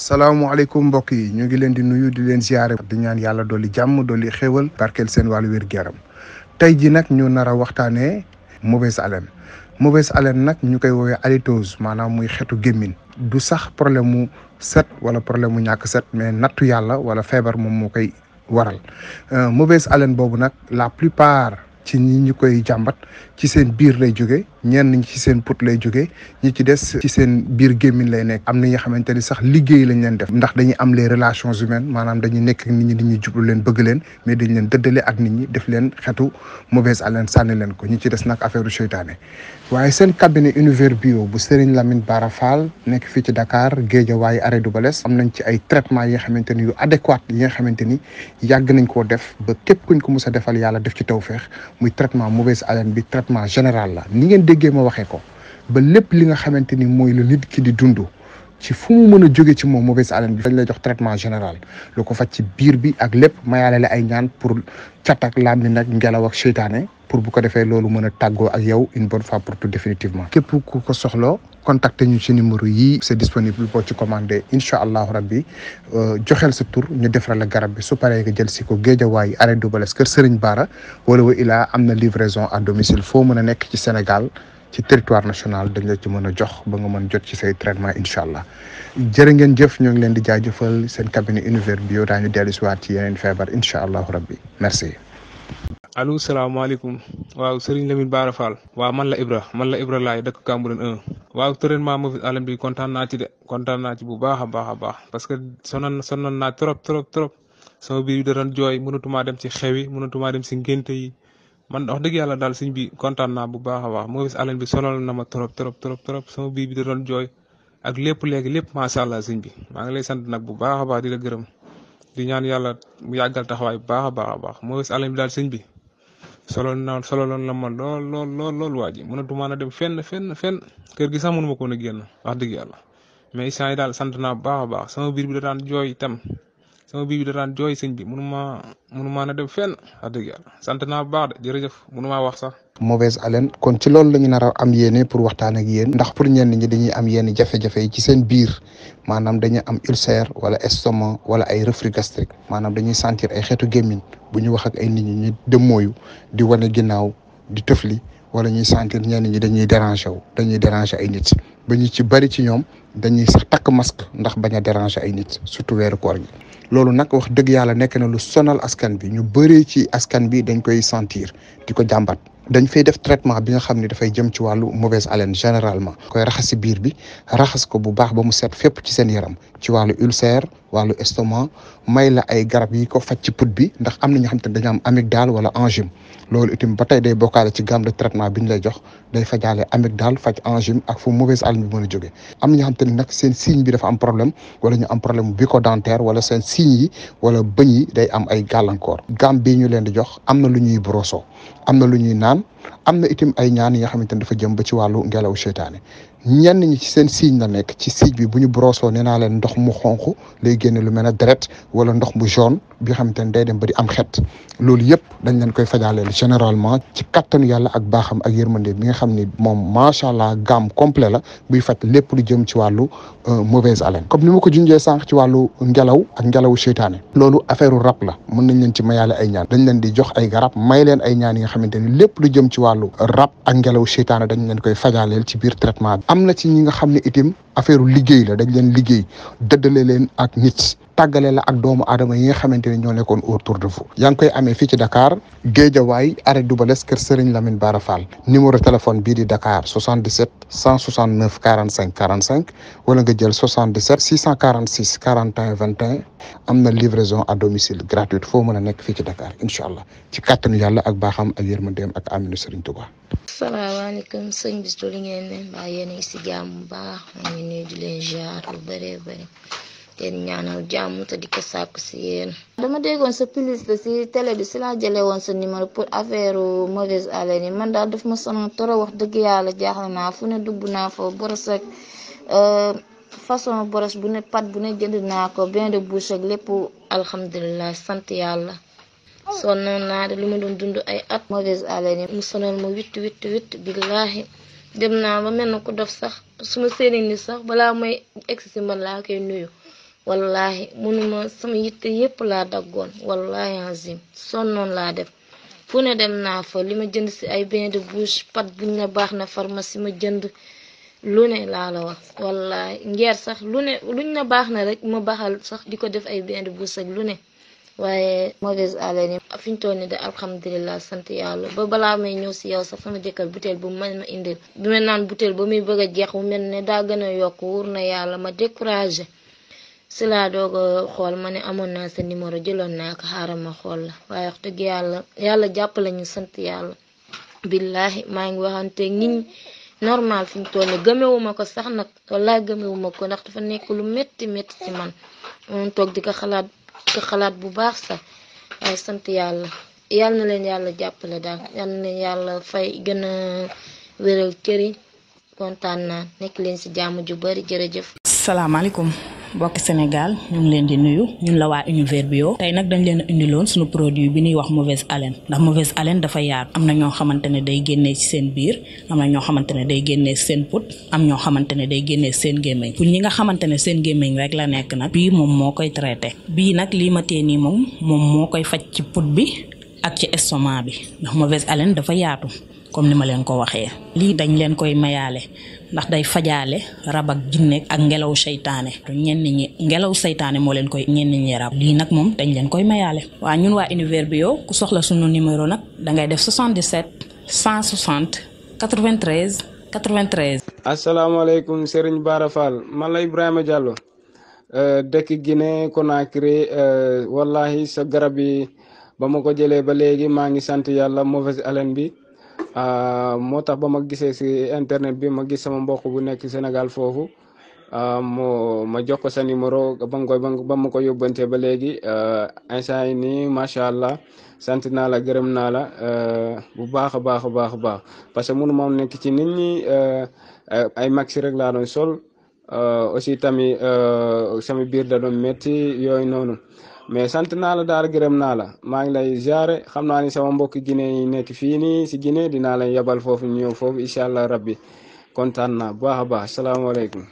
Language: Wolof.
salaamaaleykum mbokk yi ñoo ngi leen di nuyu di leen ziare di ñaan yàlla dolli jàmm dolli xéewal parkel seen wàllu wér geram tey ji nag ñu nar a waxtaanee mauvaise haleine mauvaise haleine nag ñu koy woowee halitose maanaam muy xeetu gémmin du sax problème mu set wala problème mu ñàkk set mais nattu yàlla wala feebar moom moo koy waral euh, mauvaise haleine boobu nag la plupart ci ñi ñu koy jàmbat ci seen biir lay jóge ñeen ñi ci seen put lay jóge ñi ci des ci seen biir gémmiñ lay nekk am na ñoo xamante ni sax liggéey lañ leen def ndax dañuy am les relations humaines maanaam dañuy nekk ak nit ñi dañuy jublu leen bëgg leen mais dañ leen dëddale ak nit ñi def leen xetu mauvaise haleine sànni leen ko ñi ci des nag affaire u seytaane waaye seen cabinet univers bio bu Serigne Lamine Bara Fall nekk fii ci Dakar Guédiawaye arrêt du Balès am nañ ci ay traitement yi nga xamante ni yu adéquat nga xamante ni yàgg nañ koo def ba képp kuñ ko mus a defal yàlla def ci tawfeex muy traitement mauvaise haleine bi traitement général la ni ngeen déggee ma ko ba lépp li nga xamante ni mooy lu nit ki di dund ci fu mu mën a jóge ci moom mauvaise haleine bi dañ lay jox traitement général lu ko faj ci biir bi ak lépp mayaale la ay ñaan pour cat ak nag ngelaw ak seytaane pour bu ko defee loolu mën a tàggoo ak yow une bonne fois pour tout définitivement képp ku ko soxla contacté ñu ci numéro yii c'est disponible boo ci commandé incha allahu rabbi euh, joxeel sa tur ñu defaral la garab bi su paree nga jël si ko Géejawaay arrêt Double Less kër Serigne Bara wala wa ilaa am na livraison à domicile foo mën a nekk ci Sénégal ci territoire national dañ la ci mëna jox ba nga mëna jot ci say traitement inshallah allah ngeen jëf ñu ngi leen di jaajëfal seen cabinet univers bio dañu dellu si waat ci yeneen feebar inshallah rabbi merci allo alaykum waaw serigne Lamine Bara Fall waaw man la Ibra man la Ibra lay dekk Kambulen 1 waaw ma Covid alam bi kontaan na ci de kontaan na ci bu baakha baakha baax parce que sonon sonon na trop trop trop sama bi du joy jooy mënatumaa dem ci xewi mënutuma dem ci ngenté yi man wax dëgg yàlla daal sëñ bi kontaan bu baax a baax Maurice Allen bi sonal na ma trop trop trop trop sama biir bi da doon jooy ak lépp léegi lépp macha allah sëñ bi maa ngi lay sant nag bu baax a baax di gërëm di ñaan yàlla mu yàggal taxawaay bu baax a baax a baax Maurice Allen bi daal sëñ bi solo na sololoon na ma lool lool lool lool waa ji mënatu maa na dem fenn fen kër gi sax mënuma ko woon a génn wax dëgg yàlla mais saa yi daal sant naa bu baax a baax sama biir bi da daan jooy itam sama biir bi da daan jooy sëñ bi mënuma mënuma na dem fenn wax dëgg yàlla sant na baax de jërëjëf mënuma wax sax. mauvaise haleine kon ci loolu la ñu nar a am yéene pour waxtaan ak yéen ndax pour ñenn ñi dañuy am yenn jafe-jafe ci seen biir maanaam dañuy am ulcère wala estomac wala ay reflux gastrique maanaam dañuy sentir ay xeetu gémmiñ bu ñu wax ak ay nit ñi ñu dëmmooyu di wane ginnaaw di tëfli wala ñuy sentir ñenn ñi dañuy déranger wu dañuy déranger ay nit ba ñu ci bari ci ñoom. dañuy sax takk masque ndax bañ a déranger ay nit surtout weeru koor gi loolu nag wax dëgg yàlla nekk na lu sonal askan bi ñu bëree ci askan bi dañ koy sentir di ko jàmbat dañ fay def traitement bi nga xam ne dafay jëm ci wàllu mauvaise haleine généralement koy raxas si biir bi raxas ko bu baax ba mu set fépp ci seen yaram ci wàllu ulcère wàllu estomac may la ay garab yi ko faj ci put bi ndax am na xam te ne dañu am amygdale wala angine loolu itam ba tey day bokkaale ci gamme de traitement bi ñu lay jox day fajaale amygdale faj angine ak fu mauvaise haleine bi mën a jóge am na ñoo xam te ne nag seen signe bi dafa am problème wala ñu am problème bucco-dentaire wala seen signe yi wala bëñ yi day am ay gàllankoor gam bii ñu leen di jox am na lu ñuy broso am na lu ñuy naan am na itam ay ñaan yi nga xamante ne dafa jëm ba ci wàllu ngelaw seytaane ñenn ñi ci seen signe la nekk ci signe bi bu ñu broso naa leen ndox mu xonq lay génne lu mel ne deret wala ndox mu jaune bi nga xamante ne day dem ba di am xet loolu yëpp dañ leen koy fajaaleel généralement ci kattanu yàlla ak baaxam ak yërmande bi nga xam ni moom macha allah gamme complet la buy faj lépp lu jëm ci wàllu euh, mauvaise haleine comme ni ma ko jee sànq ci wàllu ngelaw ak ngelawu seytaane loolu affaire rab la mën nañ leen ci mayaale ay ñaan dañ leen di jox ay garab may leen ay ñaan yi nga xamante lu ci wàllu rab ak ngelaw seytaane dañ leen koy fajaaleel ci biir traitement bi am na ci ñi nga xam ne itam affaire liggéey la dañ leen liggéey dëddale leen ak nit tàggale la ak doomu aadama yi nga xamante ne ñoo nekkoon autour de vous yaa koy amee fii Dakar Géejawaay arrêt Dubalès kër Serigne Lamine Bara Fall numéro téléphone bii di Dakar 77 169 45 45 wala nga jël 77 646 41 21 am na livraison à domicile gratuite foo mën a nekk fii Dakar incha allah ci kàttanu yàlla ak baaxam a ngi si jàmm bu baax ñu ngi nuyu di leen ñaanal jàmm te di ko sàkku si yéen dama déggoon sa publicité si télé bi si laa jëlee woon sa numéro pour affaire mauvaise haleine man daal daf ma sonal trop wax dëgg yàlla jaaxle naa fu ne dugg naa fa boros ak euh, façon boros bu ne pat bu ne jënd naa ko bain de bouche ak lépp alhamdulilah sant yàlla sonnoon naa de lu ma doon dund ay at mauvaise haleine yi mu sonal ma witt witt witt billaahi dem naa ba mel na ku dof sax su ma seeni ni sax balaa may egsi si wallahi munuma sama yitte yépp laa daggoon wallahi son sonnoon laa def fu ne dem naa fa li ma jënd ci ay bind de bouche pat buñ ne baax na pharmacie ma jënd lu ne laa la wax wallahi ngeer sax lu ne luñ na baax na rek ma baaxal sax di ko def ay bain de bouche ak lu ne waaye mauvaise haleine fi ñu toll nii de alhamdulilah sant yàlla ba balaa may ñëw si yow sax sama jëkkër butéel bu mel ma indil bi ma naan butéel ba muy bëgg a jeex wu mel ne daa gën a yokk wóor na yàlla ma découragé si laa doog xool ma ne amoon naa sa numéro jëloon naa ko xaaral ma xool la waaye dëgg yàlla yàlla jàppale ñu sant yàlla billahi maa ngi waxante ñiñ normal fi ñu toll gëmewuma ko sax nag wallaahi gëmewuma ko ndax dafa nekk lu métti métti ci man moom toog di ko xalaat ko xalaat bu baax sax waaye sant yàlla yàlla na leen yàlla jàppale daal yàlla na leen yàlla fay gën a wéral këriñ kontaan naa nekk leen si jàmm ju bari jërëjëf. salaamaaleykum. mbokki Sénégal ñu ngi leen di nuyu ñun la waa Univers Bio tey nag dañ leen a indiloon suñu produit bi ñuy wax mauvaise haleine ndax mauvaise haleine dafa yaatu am na ñoo xamante ne day génne ci seen biir am na ñoo xamante ne day génnee seen put am ñoo xamante ne day génnee seen gémmiñ pour ñi nga xamante ne seen gémmiñ rek la nekk nag bii moom moo koy traité bii nag lii ma tee nii moom moom moo koy faj ci put bi ak ci estoma bi ndax mauvaise haleine dafa yaatu comme ni ma leen ko waxee lii dañ leen koy mayaale ndax day fajaale raba ak ak ngelaw seytaane ñenn ñi ngelaw seytaane moo leen koy ñenn ñi rab lii nag moom dañ leen koy mayaale waa ñun wa waa bi bio ku soxla sunu numéro nag dangay def 77 160 93 93 asalaamaaleykum Serigne Bara Fall man la a Diallo euh, dëkk Guinée Conakry euh, wallahi sa garab ba ma ko jëlee ba léegi maa ngi sant yàlla mauvaise haleine bi Ah, moo tax ba ma gisee si internet bi ma gis sama mbokk bu nekk Sénégal foofu mo ma jox ko sa numéro ba mu ba ma ko yóbbante ba léegi instant yi nii macha allah sant naa la gërëm naa la bu baax a baax a baax a baax parce que munu moom nekk ci nit ñi ah, ah, ay maxi rek laa doon sol aussi tamit sama biir da doon métti yooyu noonu. mais sant naa la daal gërëm naa la maa ngi lay ziare xam naa ni sama mbokk Guinée yi nekk fii nii si Guinée dinaa lay yabal foofu ñëw foofu incha allah rabbi kontaan naa baax a salaamaaleykum.